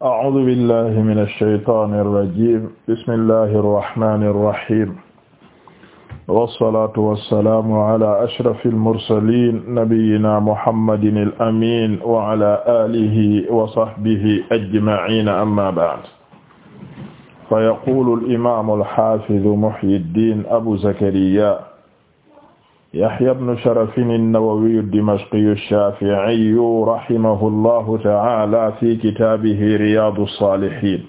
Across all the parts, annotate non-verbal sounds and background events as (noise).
أعوذ بالله من الشيطان الرجيم بسم الله الرحمن الرحيم والصلاة والسلام على أشرف المرسلين نبينا محمد الأمين وعلى آله وصحبه أجمعين أما بعد فيقول الإمام الحافظ محي الدين أبو زكريا Yahya ibn Sharafin an-Nawawi ad-Dimashqi ash-Shafi'i rahimahullahu ta'ala fi kitaabihi Riyadu s-Salihin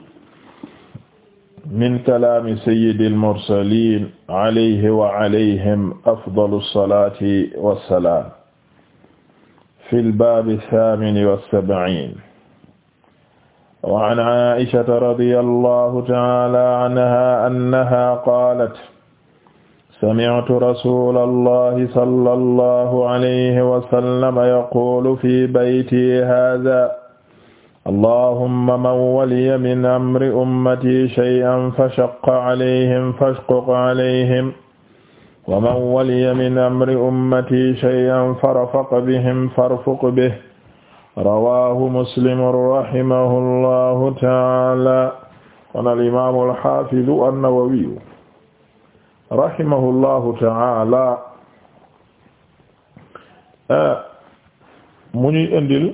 min kalaami sayyidil mursaliin alayhi wa alayhim afdalu s-salaati wa s-salaam fil baabi ath-thaamini wa s-sab'iin wa 'an 'Aa'ishata radiyallahu ta'ala 'anhaa annahaa qaalat sami'tu rasuulallahi sallallahu alayhi wa sallam yaqulu fi bayti haadha allahumma man waliya min amri ummati shay'an fashaqqa alayhim fashquq alayhim wa man waliya min amri ummati shay'an farafaq bihim farfuq bih rawaahu muslimun rahimahu allahu ta'aala qaala al-imaamu al-haafidu an-nawawiyu rahimahullahu ta'ala mu ñuy indil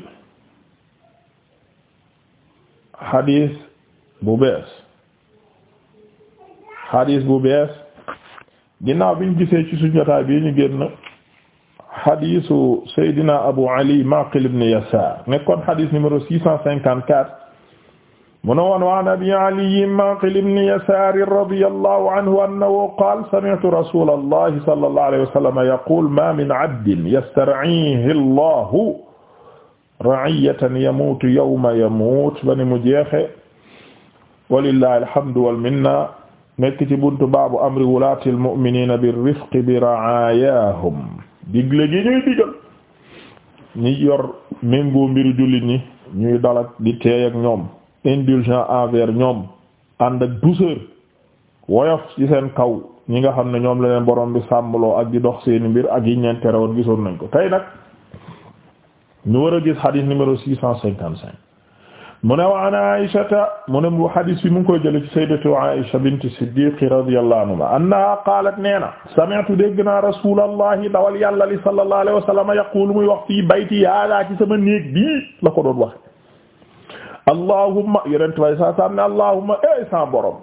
xadis bu bees xadis bu bees ginnaaw bi ñu gisee ci suñu jotaay bii ñu génn xadisu Seydina Abu Ali Maqil ibn Yasar nekkoon xadis numéro six cent cinquante-quatre mu ne woon waan abi ali maqil ibn yasaar radiyallahu anhu annahu qaal sami'tu rasulallahi sallallahu alayhi wa sallam yaqul ma min abdin yastar'ihi allahu ra'iyatan yamuutu yawma yamuut ba ni mu jeexe walillahi alhamdu wal minna nekk ci buntu baabu amri wulaati almu'miniina birrifqi bi ra'aayaahum digle gi ñuy digal ñi yor méngoo mbiru jullit ñi ñuy dalak di teey ak ñoom indulgent envers ñoom ànd ak douceur woyof ci seen kaw ñi nga xam ne ñoom la leen borom bi sàmbaloo ak di dox seeni mbir ak yi ñeen terewoon gisoon nañ ko tey nag ñu war a gis xadiis numéro six cent mu ne wa an aishata mu ne mu xadis bi mu ngi koy jële ci sayyidatu aisha bint siddiq radiyallahu anha annaha qaalat nee na sami'tu dégg naa rasulallahi dawal yàlla li sallallahu alayhi wa sallam yaqulu muy wax fii bayti hada ci sama néeg bii la ko doon waxe allahumma yonent way saa saam ne allahumma ey sa borom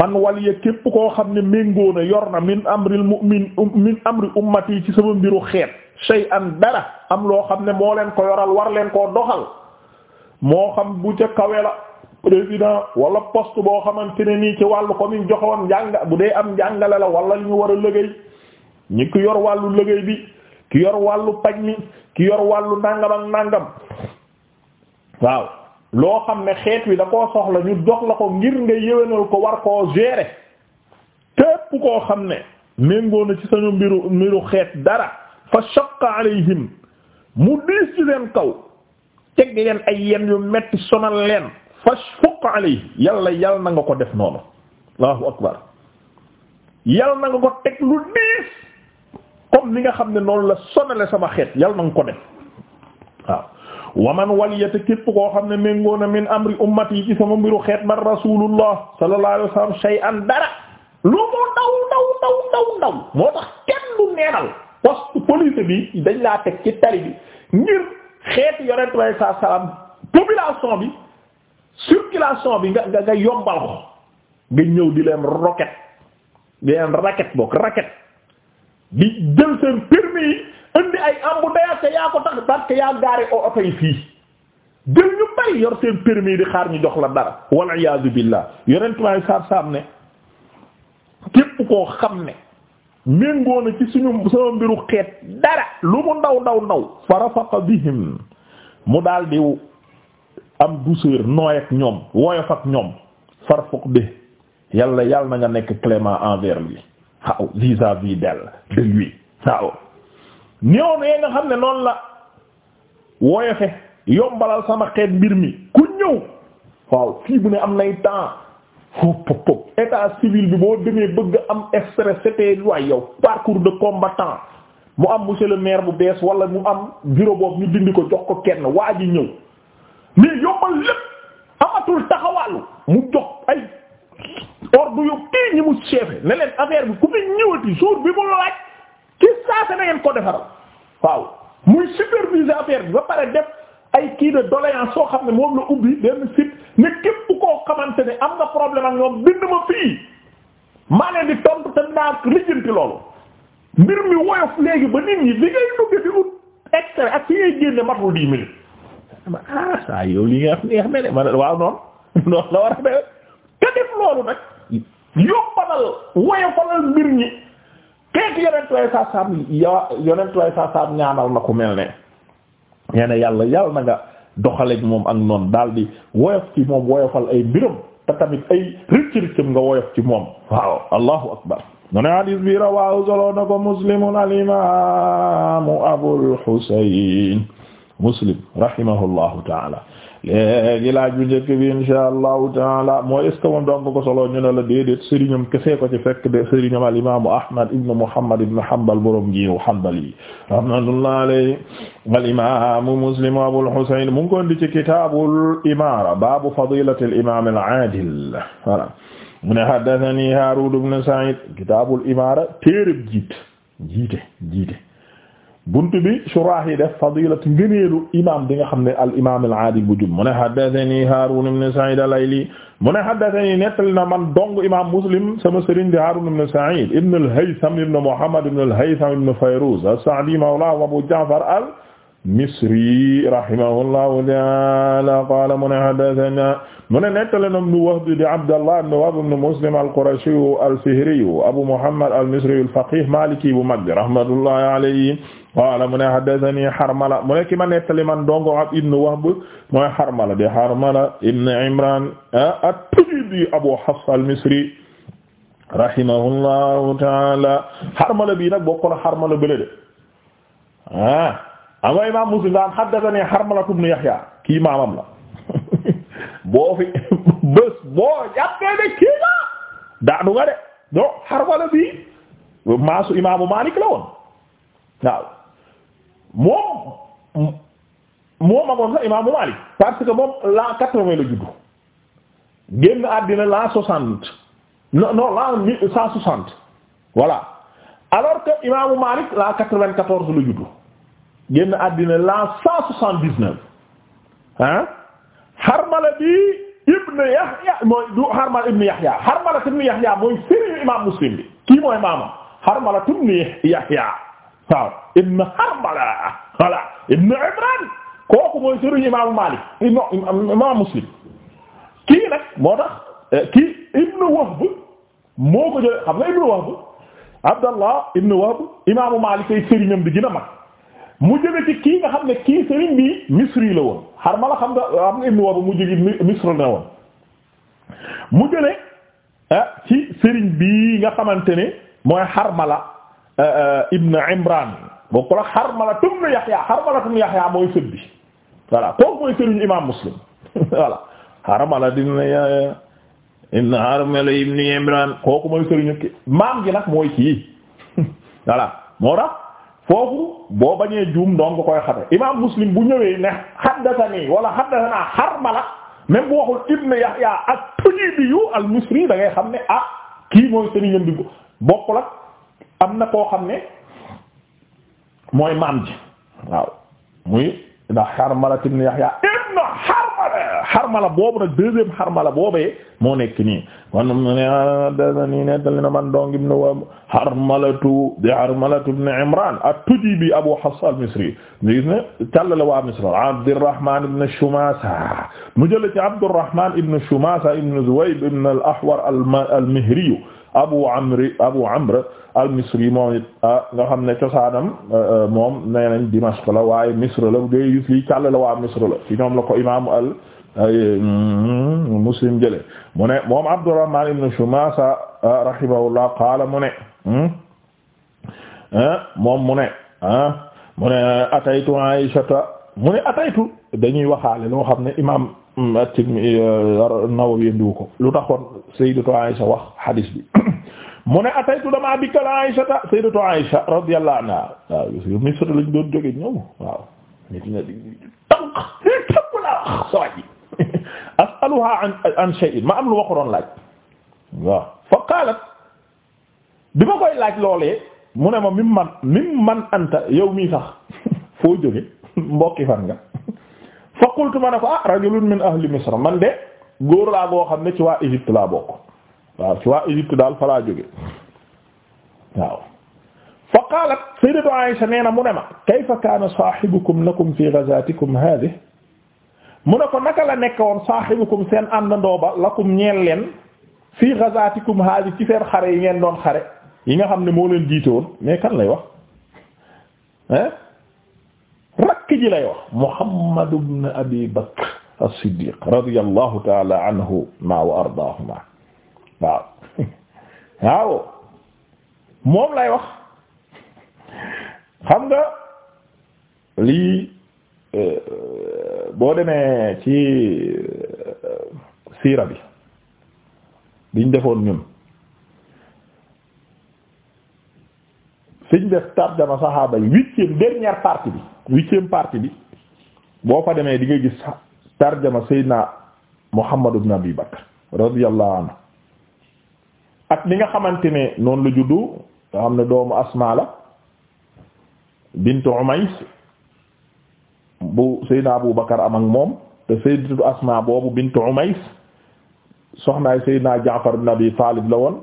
man waliya képp koo xam ne méngoo yor na min amril mu'min um, min amri ummati ci sama mbiru xeet shay'an dara am loo xam ne moo leen ko yoral war leen koo doxal moo xam bu ca kawe la président wala poste boo xamante ne nii ci wàllu ko min joxewoon njàng bu dee am njàngale la wala li ñu war a liggéey ki yor wàllu liggéey bi ki yor wàllu paj mi ki yor wàllu nàngam ak nàngam waaw loo xam ne xeet wi da koo soxla ñu dox la ko ngir nga yéwénal ko war koo gérer képp koo xam ne méngoo na ci sañu mbiru mbiru xeet dara fa shaqqa alayhim mu diis ci leen kaw teg leen ay yen yu metti sonal leen fa fuq alayhi yàlla yàlla na nga ko def noonu allahu akbar yàlla na nga ko teg lu diis comme ni nga xam ne noonu la sonale sama xeet yal na nga ko def waaw waman waliyata képp koo xam ne méngoo na min amri ummati yi ci sama mbiru xeet man rasulullah sallallahu alayhi wasallam shay'an dara lu mu ndaw ndaw ndaw ndaw ndaw moo tax kenn du neenal poste police bi dañ laa teg ci tali bi ngir xeet yonent bi saa salaam population bi circulation bi nga nga nga yombal ko nga ñëw di leen roquette di leen raquette bokk raquette di jël seen permis yi indi ay embouteillage te yaa ko tax parce yaa gaare oto yi fii gën ñu bari yor seen permis di xaar ñu jox la dara wal iyaazu billah yorentumaay saab-saab ne képp koo xam ne méngoo na ci suñu sama mbiru xeet dara lu mu ndaw ndaw ndaw fa rafaqa bihim mu daal di am douceur nooy ak ñoom woyof ak ñoom farfuq bi yàlla yàlla na nga nekk clément envers lui waaw vis-à-vis d'elle de lui waaw néew mee nga xam ne noonu la woyofe yombalal sama xeet mbir mi ku ñëw waaw fii bu ne am nay temps fop pop pop civil bi boo demee bëgg am express c'était waay yow parcours de combattant mu am monsieur bu bees wala mu am bureau ñu dindi ko jox ko kenn waa ji ñëw mais yombal lépp amatul taxawaalu mu jox ay ordre yu ñi mu chef ne leen bi ku fi ñëwati jour bi mu laaj ci saase na ngeen ko defaral waaw muy superviser affaire bi ba pare def ay kii de doléance soo xam ne moom la ubbi benn site ne képp koo xamante ne am nga problème ak ñoom bind ma fii maa leen di tontu te naa lijjanti loolu mbir mi woyof léegi ba nit ñi li ngay dugg di ut extrait ak fi ngay génne matul dix minutes ma ah yow li nga xam ne xam ne waaw noonu (laughs) noonu la war a def te def loolu nag yombalal woyofalal mbir ñi. keek yonent way saa saam yonent way saa saam ñaanal na mel ne nee na yàlla yàlla na nga doxaleeg moom ak noonu daal di woyof ci moom woyofal woyof ci akbar mu ne bi rawahu soloo na ko muslimun alimamu abul husayn muslim rahimahullahu taala léegi laaj bu njëkk bi insha allahu taala mooy est ce que moom ko ko solo ñu ne la déedéet sëriñam kese ko ci fekk de sëriñam al imaamu Ahmad ibn Muhammad ibn Hanbal borom jiw Hanbali rahmatullahi alayhi al imaamu Muslim Abul Husayn mu ngi ko al aadil voilà mu jiite jiite. bunt bi surah yi def fadilat ngëneelu imam bi nga xam ne al imam al aadil bu jub mu ne haddathani Harun ibn Sa'id al-Layli mu ne haddathani nettali na man dong imam Muslim sama sëriñ di Harun ibn Sa'id ibn al-Haytham ibn Muhammad ibn al-Haytham ibn Fayruz as-Sa'di mawla Abu Ja'far al-Misri rahimahullahu ta'ala qala mu ne haddathana mu ne nettali na nu Wahb di Abdallah ibn Wahb ibn Muslim al-Qurashi al-Fihri Abu Muhammad al-Misri al-faqih maliki bu mag rahmatullahi alayhi qaala mu ne haddathani Harmala mu ne ki ma nettali man dongo ab ibnu Wahb mooy Harmala de Harmala ibn Imran ah, at-Tujibi Abu Hafs al-Misri rahimahullahu taala Harmala bii nag bokk na Harmala bële de ah ama imam Muslim daan haddathani Harmala ibn Yahya kii maamam la (laughs) boo fi (laughs) bés boo jàppee de kii la daanu nga de do Harmala bii maasu imaamu Maalik la woon waaw moom moo magoon sax imaamu Maalik parce que moom l'an quatre-vingt la juddu génn àddina l'an soixante non non l'an mille cent soixante voilà alors que imaamu Maalik l'an quatre-vingt-quatorze la juddu génn àddina l'an cent soixante-dix-neuf ah Harmala bi ibn Yahya mooy du Harmala ibn Yahya Harmala ibn Yahya mooy sëriñu imaam Muslim bi kii mooy maama Harmala ibn Yahya waaw ibn Hanbala voilà ibn Imran kooku mooy sëriñ imaamu Maalik imam Muslim kii nag moo tax eh, kii ibn Wahb moo ko jëlee xam nga ibn Wahb Abdallah ibn imaamu Maalik ay sëriñam bi gën a mag mu jëlee kii nga xam ne kii sëriñ bi Misri la woon xar xam nga ibn Wahb mu jóge Misri la woon mu jëlee ah ci sëriñ bi nga xamante ne mooy Harmala Euh, euh, ibn Imran bokkul ak Harmala ibn Yahya Harmala ibn Yahya mooy sët bi mooy sëriñu imaam Muslim (laughs) voilà Harmala dina Yahya euh, ibn Harmala ibn Imran kooku mooy sëriñu maam gi nag mooy kii (laughs) voilà moo tax foofu boo bañee juum doon koy xame imaam Muslim bu ñëwee ne haddathani wala haddathana Harmala même bu waxul ibn Yahya at-Tujibi al-Misri da xam ne ah kii mooy sëriñam bi bokkul ak am na koo xam ne mooy maam ji waaw muy ndax Harmala ibn Yahya ibn Harmala Harmala boobu nag deuxième Harmala boobee moo nekk nii kon mu ne dana nii nettali na man dong ibn Wahb Harmalatu di Harmalatu ibn Imran at-Tujibi Abu Hafs al-Misri ñu gis ne tallale waa Misr Abdurrahman ibn Shumasa mu jële ci Abdurrahman ibn Shumasa ibn Zuwayb ibn al-Ahwar al-Mihri abu amri abu amr al misri moom it ah, nga xam ne cosaanam euh, moom nee nañ dimashq la waaye misr la ngay gis lii càll la waa misr la ci ñoom la ko imaamu al mm, muslim jële mu ne moom abdurrahman ibn shumasa ah, rahimahullah qaala mu ne hmm? ah, moom mu ne mu ne ataytu aishata mu ne ataytu dañuy waxaale loo xam ne imam Mm, at-Tirmidhi euh, Nawawi ndiw ko lu taxoon sayyidatu Aisha wax hadis bi (coughs) mu ne ataytu dama dikkal Aisha ta sayyidatu Aisha radiyallahu anha waaw yo na (laughs) as'aluha an an ma am lu waxoon laaj waaw fa qalat bi ma koy laaj loolee mu ne ma mimman mimman anta yow mii sax (laughs) foo jóge (laughs) mbokki fan nga fa qultu ma ne ko ah rajulun min ahli misr man de góor laa goo xam ne ci waa Égypte laa bokk waaw ci waa Égypte daal fa laa jóge fa qaalat sayyidatu Aisha nee na mu ne ma kayfa kaana saahibukum lakum fi ghazatikum hadhihi mu ne ko naka la nekk woon saahibukum seen àndandoo ba lakum ñeel leen fi ghazatikum hadhihi ci seen xare yi ngeen doon xare yi nga xam ne moo leen jiite woon kan lay wax hein rakk ji lay wax Muhammad ibn Abi Bakr as-Siddiq radiyallahu ta'ala ma wa ardaahuma waaw (laughs) waaw moom lay wax xam nga lii euh, boo demee ci euh, siira bi biñ defoon ñun fiñ def tarjama saxaaba yi huitième dernière partie bi huitième partie bi boo fa demee di nga gis tarjama Seydina Muhammad ibn Abi Bakr radiyallahu anhu ak ni nga xamante ne noonu la juddu nga xam ne doomu Asmaa la bintu Umays bu Seydina Abu Bakr am ak moom te Seydatu Asmaa boobu bintu Umays soxnaay Seydina Jaafar ibn Abi Taalib la woon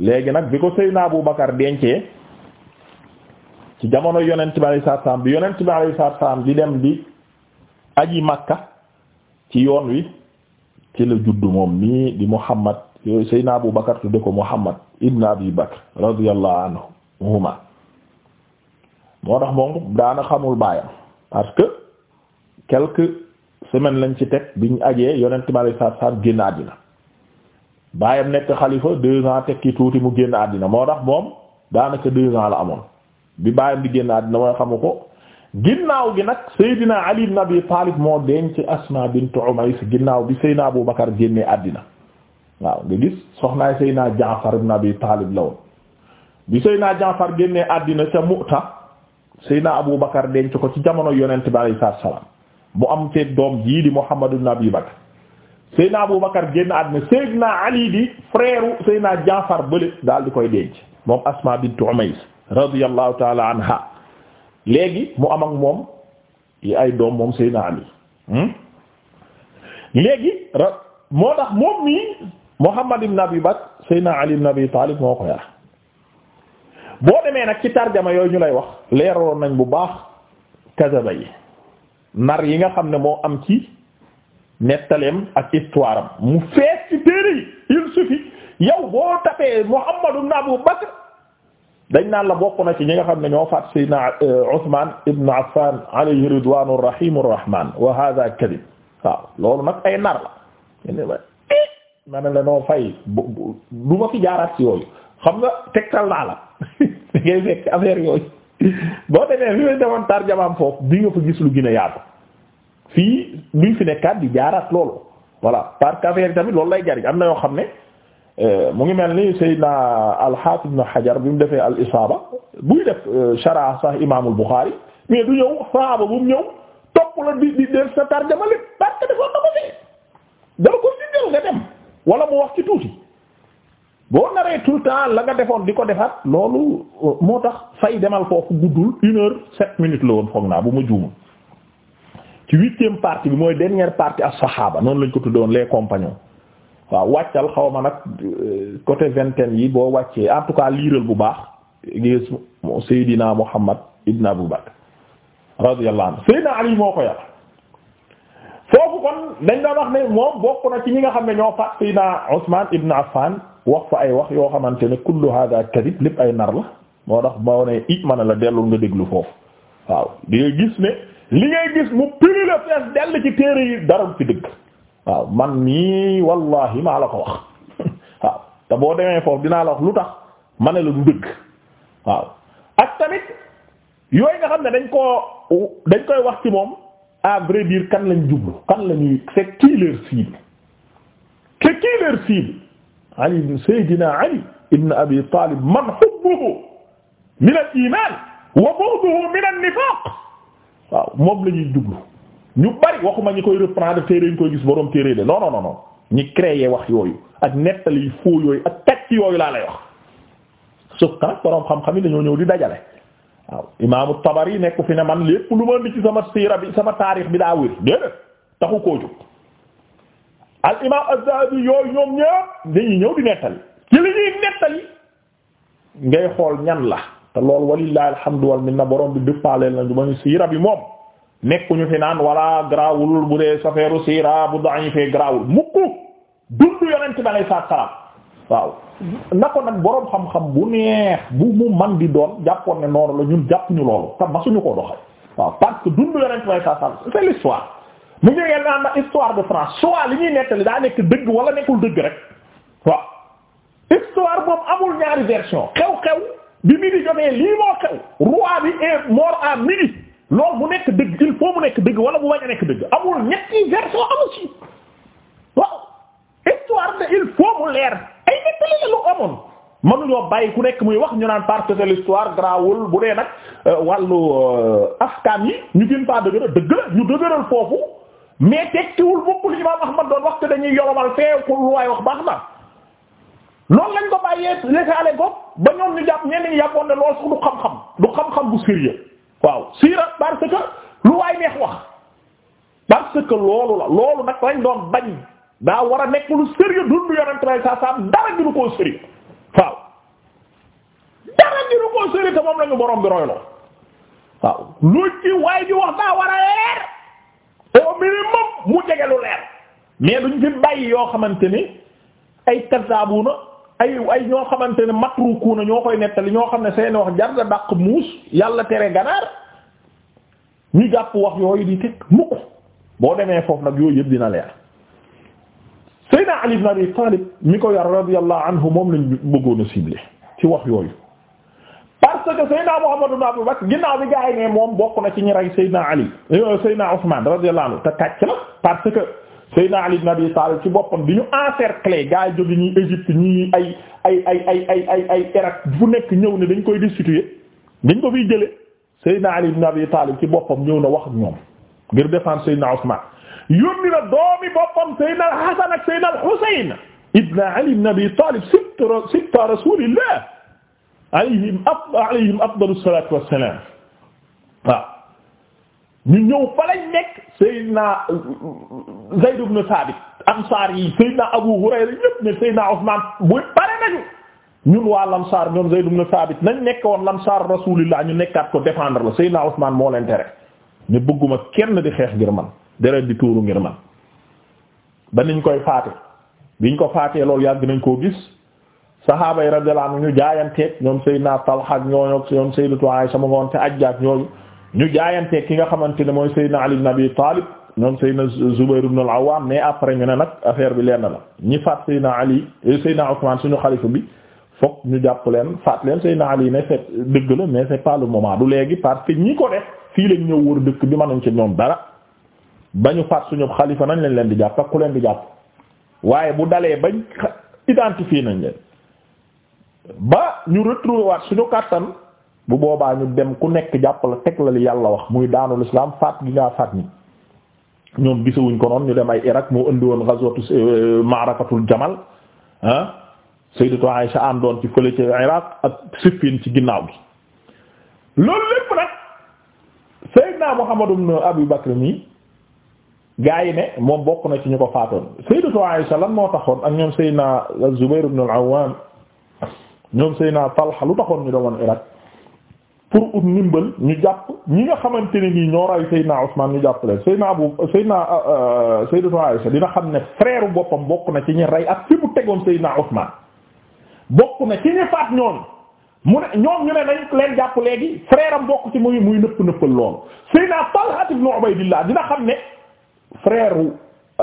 léegi nag bi ko Seydina Abu Bakr dencee ci jamono yonent bi alayhi salaatu salaam bi yonent bi alayhi salaatu salaam di dem di aji makka ci yoon wi ci la juddu moom nii di Muhammad Seydina Abu Bakar tudde ko Muhammad ibn Abi Bakr radiyallahu anhuma moo tax moom daana xamul baayam parce que quelques semaines lañ ci teg biñ ajee yonent bi alayhi salaatu salaam génn àddina baayam nekk xalifa deux ans teg ki tuuti mu génn àddina moo tax moom daanaka deux ans la amoon bi bàyyam di génn àddina waaye xamu ko ginnaaw gi nag Seydina Ali ibn Abi moo denc Asma bint Umays ginnaaw bi Seydina Abu Bakar génnee àddina waaw nga gis soxnaay Seydina Jaafar ibn Abi Talib la bi Seydina Seydina Abu Bakar denc ko ci jamono yonent bi alayhi salaam mu am te doom jii di Muhammad ibn Abi Bakar Seydina Abu Bakar génn àddina Seydina Ali di frère Seydina Jaafar bële daal di koy denc moom Asma bint Umays radiyallahu taala anha léegi mu am moom yi ay doom moom Seydina Ali hmm? léegi ra moo tax moom mii Muhammad ibn Abi Bakr Seydina Ali ibn Abi Talib moo ko boo demee nag ci tarjama yooyu ñu lay wax leeraloon nañ bu baax kasaba yi nar yi nga xam ne moo am ci nettaleem ak histoire mu fees ci téere yi il suffit yow boo tapee Muhammad ibn Abu Bakr dañ naan la bokk na ci ñi nga xam ne ñoo faat sayyidina euh, Usman ibn Affan alayhi ridwanu rahimu rahman nag ay nar la ñene ma eh, la noo fay du ma fi jaaraat ci yooyu xam nga tegtal naa la (laughs) di ngay fekk affaire yooyu boo demee fi may demoon tarjamaam foofu di nga gis lu gën a yaatu fii luñ fi nekkaat di jaaraat loolu voilà parce que affaire yi tamit loolu lay jariñ am na yoo xam ne Euh, mu ngi mel ni Seydina al-Hafiz Ibn bi mu defee al-Isaaba buy def euh, sharh Sahih Imaam al-Bukhari du ñëw saaba bu mu ñëw topp la di di def sa tarjama lépp parce que dama ko si jël nga dem wala mu wax ci tuuti boo naree tout le temps la nga defoon di ko defaat loolu euh, moo tax fay demal foofu guddul une heure sept minutes la woon foog naa bu ma juumul ci huitième partie bi mooy dernière partie as-Sahaaba noonu lañ ko tuddoon les compagnons. waaw wàccal xaw ma nag euh, côté vingtaine yi boo wàccee en tout cas liiral bu baax gis Seydina Muhammad ibn Abu Bakr radiyallahu anhu Seydina Ali moo ko yar foofu kon dañ doon wax ne moom bokk na ci ñi nga xam ne ñoo faat Seydina Usman ibn Affan wax fa ay wax yoo xamante ne kullu hada kadib lépp ay nar la moo tax moo ne it mën a la dellul nga déglu foofu waaw di gis ne li ngay gis mu piri la fees dell ci téere yi dara ci dëgg waaw man nii wallahi maa la ko wax (laughs) waaw te boo demee foofu dinaa la wax lu tax ma ne la du dëgg waaw ak tamit yooyu xam ne dañ koo dañ koy wax ci moom à vrai dire kan lañ jublu kan lañuy c'est qui leur cible c'est Ali ibn Seydina Ali ibn Abi Talib man hubbuhu min al iman wa bughduhu min an nifaq moom lañuy jublu ñu bari waxuma ñi koy reprendre téere ñu koy gis borom téere de non non non non ñi créer wax yooyu ak nettali foo yooyu ak tacc yooyu laa lay wax sauf que nag borom xam-xam yi dañoo ñëw di dajale waaw imaamu Tabari nekk fi ne man lépp lu ma indi ci sama siira bi sama taarix bi daa wér déedéet taxu koo jóg al imaam az yooyu ñoom ñëpp dañuy ñëw di nettali ci li ñuy nettali ngay xool ñan la te loolu walillahi alhamdu wal minna borom bi dëppaaleel na du ma ñu siira bi moom. nekkuñu fi naan wala grawul bu dee safeeru siira bu dañu fee grawul mukku dundu yonent bi alay salaam waaw na ko nag boroom xam-xam bu neex bu mu man di doon jàppoon ne noonu la ñun jàpp ñu loolu te masuñu ko doxal waaw parce que dundu yonent bi alay salaam c'est l'histoire mu ngeen naan na histoire de France soit li ñuy nettali daa nekk dëgg wala nekkul dëgg rek waaw histoire boobu amul ñaari version xew-xew bi midi jotee lii moo xew lool mu nekk dëgg il faut mu nekk dëgg wala mu bañ a nekk dëgg amul ñetti version amul ci waaw histoire de il faut mu leer ay nettali la lu amoon mënuñoo bàyyi ku nekk muy wax ñu naan parce que l'histoire grawul bu dee nag euh, wàllu euh, afghan yi ñu gën faa dëgëral dëgg la ñu dëgëral foofu mais tekkiwul bokkul imam Ahmad doon wax te dañuy yoromal fee ku lu waay wax baax na loolu lañ ko bàyyee laisser aller ko ba ñoom ñu jàpp ñenn ñi yàppoon ne loolu du xam-xam du xam waaw siira parce que lu waay neex wax parce que loolu la loolu nag lañ doon bañ daa war a nekk lu sérieux dundu yonent bay saa saam dara ginu koo sérieux waaw dara ginu koo sérieux te lañu borom bi royloo waaw lu ci waay ji wax daa war a leer au minimum mu jege lu leer mais duñ fi bàyyi yoo xamante ni ay kasaabuna ay ay ñoo xamante ne matrukuuna ñoo koy nettali ñoo xam ne seeni wax jar la dàq muus yàlla tere ganaar ñu jàpp wax yooyu di teg mukk boo demee foofu nag yooyu yëpp dina leer Seydina Ali na Abi Talib mi ko yar radiyallahu anhu moom lañ bëggoon a ciblé ci wax yooyu parce que Seydina Muhammad ibn Abu Bakr ginnaaw bi gaay ne moom bokk na ci ñi rey Seydina Ali euh, Seydina Usman radiyallahu anhu te kàcc la Seydina Ali ibn Abi Talib ci boppam bi ñu encercler gaa yi jóge ñuy Égypte ñii ay ay ay ay ay ay ay Irak bu nekk ñëw ne dañ koy destituer dañ ko fiy jëlee Seydina Ali ibn Abi Talib ci boppam ñëw na wax ak ñoom ngir défendre Seydina Ousmane yónni na doomi boppam Seydina al-Hasan ak Seydina al-Husayn ibn Ali ibn Abi Talib sitta rasulillah alayhim afdalu salatu wassalam waaw ñu ñëw fa lañ nekk Seydina Zayd ibn Thabit ansaar yi Seydina Abu Hurayra ñëpp ne Seydina Usman bu pare nañu ñun waa Lamsaar ñoom Zayd ibn Thabit nañ nekk woon Lamsaar Rasulillah ñu nekkaat ko défendre la Seydina Usman moo leen tere ne bëgguma kenn di xeex ngir man deret di tuuru ngir man ba niñ koy faate biñ ko faatee loolu yàgg nañ koo gis saxaaba yi radiyallahu anhu ñu jaayanteeg ñoom Seydina Talha ak ñooñu ñoom Sayyidatu Aisha sama ngoon te ajjaat ñooñu ñu jaayante ki nga xamante ne mooy Seydina Ali ibn Abi Talib ñoom Seydina Zubayr ibn al-Awwam mais après ñu ne nag affaire bi lenn la ñi faat Seydina Ali eh, Seydina Ousmane suñu xalifa bi fokk ñu jàpp leen faat leen Seydina Ali ne c'est dëgg la mais c'est pas le moment du léegi parce que ñi ko def fii lañ ñëw wër dëkk bi mënuñ ci ñoom dara ba ñu faat suñu xalifa nañ leen leen di jàpp ak ku leen di jàpp waaye bu dalee ba identifier nañ leen ba ñu retrouver waat suñu kàttan bu boobaa ñu dem ku nekk jàpp la teg la yàlla wax muy daanul islam faat gi ngaa faat ñi ñoom gisawuñ ko noonu ñu dem ay Irak moo indi woon ghazwatu euh, ma'rakatul Jamal ah Sayyidatu Aisha àndoon ci kole ci ak Siffin ci ginnaaw gi loolu lépp nag Sayyidna Muhammad ibn Abi Bakr mi gaa yi ne moom bokk na ci ñu ko faatoon Sayyidatu Aisha lan moo taxoon ak ñoom Sayyidna Zubayr ibn al ñoom Sayyidna Talha lu taxoon ñu doon Irak pour ut ndimbal ñu jàpp ñi nga xamante ne nii ñoo ray Seydina Ousmane ñu jàpp leen Seydina Abu Seydina euh, euh, Sayyidatu Aisha dina xam ne frère boppam bokk na ci ñi rey ak fi mu tegoon Seydina Ousmane bokk na ci ñi faat ñoon mu ne ñoom ñu ne nañ leen jàpp léegi frère am bokk ci muy muy nëpp nëppal lool Seydina Talha ibn Ubaydillah dina xam ne frère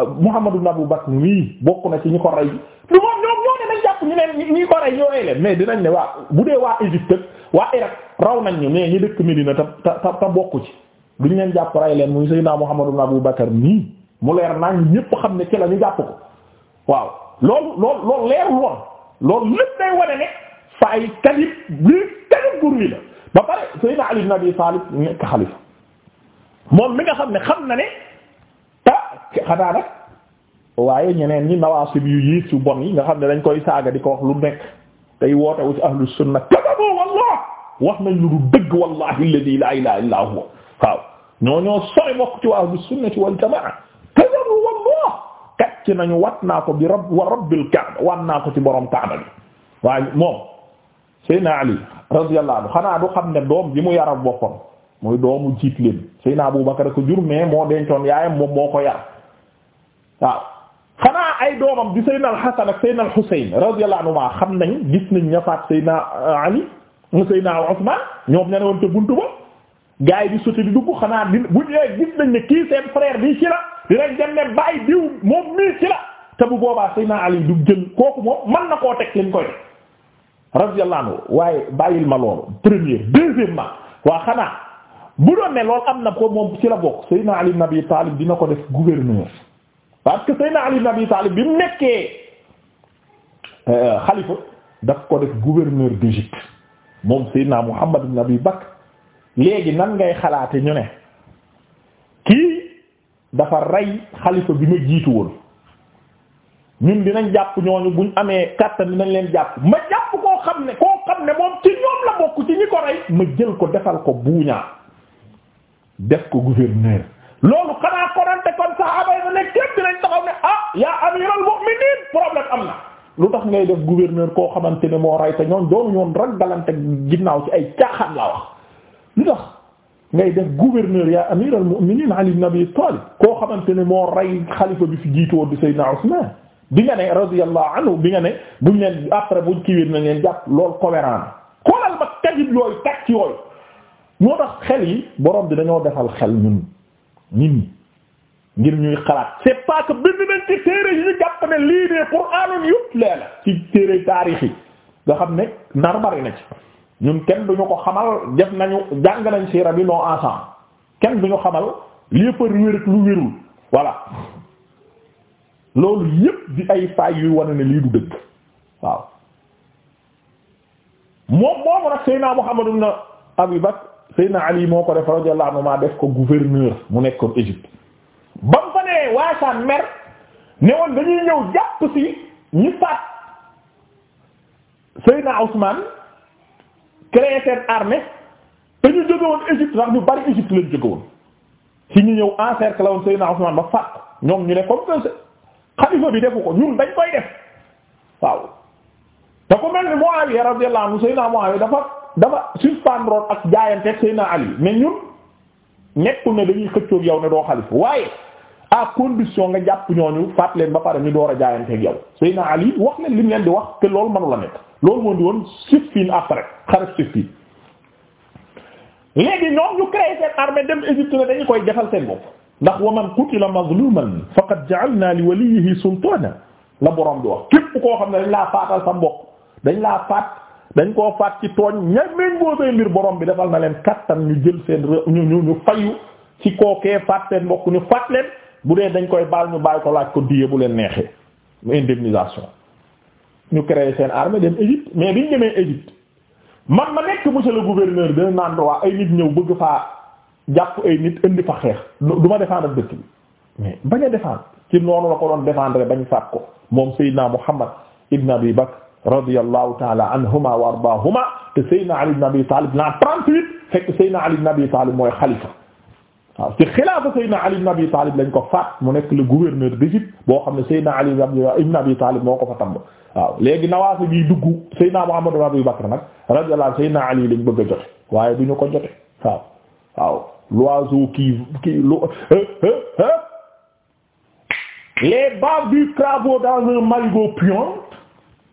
Muhammad ibn Abu Bakr mii bokk na ci ñi ko rey lu moom ñoom ñoo ne nañ jàpp ñu ne ñi ko rey ñoo rey leen mais dinañ ne waa bu dee waa Égypte waa Irak raw nañ ñu mais ñi dëkk Medina ta ta ta bokku ci duñ leen jàpp rey leen muy Seydina Muhammad ibn Abu Bakr nii mu leer naa ñépp xam ne ci la ñu jàpp ko waaw loolu loolu loolu leerul woon loolu lépp day wane ne fa ay kalib lii kalib gurwi la ba pare Seydina Ali ibn Abi nekk xalifa xanaa nag waaye ñeneen ñi nawaasib yu yiis yu bon yi nga xam ne dañ koy saaga di ko wax lu nekk tey woote wu ci ahlu sunna kadabo wallah wax nañ lu du dëgg wallahi alladhi la illa huwa waaw ñoo ñoo sori bokk ci waa ahlu sunnati wal jamaa kadabo nañu wat naa ko bi rabb wa rabbil kaaba wat naa ko ci borom kaaba bi waaye moom Seydina Ali radiyallahu anhu xanaa du xam ne doom bi mu yaram boppam mooy doomu jiit leen Seydina Abu Bakar ko jur mais moo dencoon yaayam moom moo ko yar waaw xanaa ay doomam di Seydina al-Hasan ak Seydina al-Husayn radiyallahu xam nañ gis nañ ña faat Seydina euh, Ali Seydina Usman ñoom ne woon te buntu ba gars di sotti di dugg xanaa di bu ñëwee gis nañ ne kii seen frère bi ci la dinañ dem ne bàyyi diw moom mii ci la te bu boobaa Seydina Ali du jël kooku moom man na koo teg liñ koy radiyallahu waaye bàyyil ma loolu première deuxièmement waa xanaa bu doon ne loolu am na ko moom ci la bokk Seydina Ali ibn Abi Talib dina ko def gouverneur. parce que Seydina Ali ibn Abi Talib bi mu nekkee euh, xalifa daf ko def gouverneur d'Égypte moom Seydina Muhammad ibn Abi Bakr léegi nan ngay xalaate ñu ne kii dafa rey xalifa bi ma jiitu woon ñun dinañ jàpp ñooñu buñ amee kàttan dinañ leen jàpp ma jàpp koo xam ne koo xam ne moom ci ñoom la bokk ci ñi ko rey ma jël ko defal ko buuñaa def ko gouverneur loolu xanaa konante kon saxaaba yi ne képp dinañ taxaw ne ah yaa amiral mu'minin problème am na lu tax ngay def gouverneur koo xamante ne moo rey te ñoom doonu ñoon ginnaaw ci ay caaxaan laa gouverneur yaa amiral koo xamante ne moo rey xalifa bi fi jiitoo woon di Seydina Usman bi nga ne radiyallahu anhu bi nga ne buñ leen après buñ kiiwéer nañ leen jàpp loolu cohérent xoolal ma kajib yooyu tàcc yooyu ñoo tax xel yi borom bi dañoo defal xel ñun nit ñi ngir ñuy xalaat c'est pas bind nañ ci téere yi ñu jàpp ne lii de Qur'aanun yutla la ci téere taarix yi nga xam ne nar bari na ci ñun kenn duñu ko xamal def nañu jàng nañ siira bi non ensemble kenn duñu xamal lépp wér ak lu wérul voilà loolu yépp di ay faay yuy wane ne lii du dëgg waaw moom moomu nag Seydina Muhammad ibn Abi Bakr Seydina Ali moo ko def radiyallahu anhu maa def ko gouverneur mu nekkoon Égypte ba mu fa nee waasaan mer ne woon dañuy ñëw jàpp ci ñi faat Seydina Ousmane créé seen te ñu jóge woon ndax ñu bari Égypte lañ jóge ci ñu ñëw encercler la woon Seydina ba faat ñoom ñu ne comme que xalifa bi defu ko ñun dañ koy def waaw te ku mel ni Muawiya radiyallahu anhu Seydina Muawiya dafa dafa suspendroon ak jaayante Seydina Ali mais ñun nekkul ne dañuy xëccoog yow ne doo xalifa waaye a condition nga jàpp ñooñu faat leen ba pare ñu door a jaayanteeg yow Seydina Ali wax leen lim leen di wax te loolu mënu la nekk loolu moo di woon Siffin après xareb Siffin léegi ñoom ñu créé seen armée dem Égypte ne dañu koy defal seen bopp ndax wa man qutila mazluman faqad ja'alna li waliyihi sultana la borom bi wax képp koo xam ne dañ laa faatal sa dañ laa faat dañ koo faat ci tooñ ñameen boobee mbir boroom bi defal na leen kattan ñu jël seen ñu ñu ñu fayu ci kookee faat seen mbokk ñu faat leen bu dee dañ koy baal ñu bàyyi ko laaj ko diye bu leen neexee mu indemnisation ñu créé seen armée dem Égypte mais biñ demee Égypte man ma nekk monsieur le gouverneur dina naan waa ay nit ñëw bëgg faa jàpp ay nit indi fa xeex du ma défendre dëkk bi mais bañ a défendre ci noonu la ko doon défendre bañ faat ko moom Seydina Muhammad ibn Abi Bakr radiyallahu taala anhuma wa ardaahuma te Seydina Ali ibn Abi Talib na 38 fekk Seydina Ali ibn Abi Talib mooy xalifa waaw ci xilaafa Seydina Ali ibn Abi Talib lañ ko faat mu nekk le gouverneur d'Égypte boo xam ne Seydina Ali ibn Abi Talib moo ko fa tàmb waaw léegi nawaasa bi dugg Seydina Muhammad ibn Abi Bakr nag radiyallahu Seydina Ali lañ bëgg a jote waaye duñu ko jote waaw waaw l'oiseau qui qui euh, euh, euh. les babes du crapaud dans un marigot pion